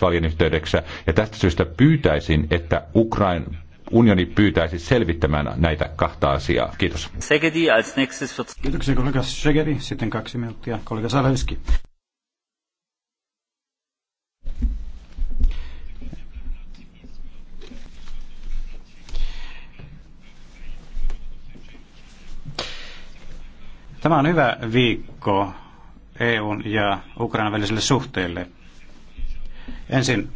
vaalien yhteydessä. Ja tästä syystä pyytäisin, että Ukraina unioni pyytäisi selvittämään näitä kahta asiaa. Kiitos. Kiitoksia kollega Segeri. Sitten kaksi minuuttia kollega Salevski. Tämä on hyvä viikko EUn ja Ukrainan väliselle suhteelle. Ensin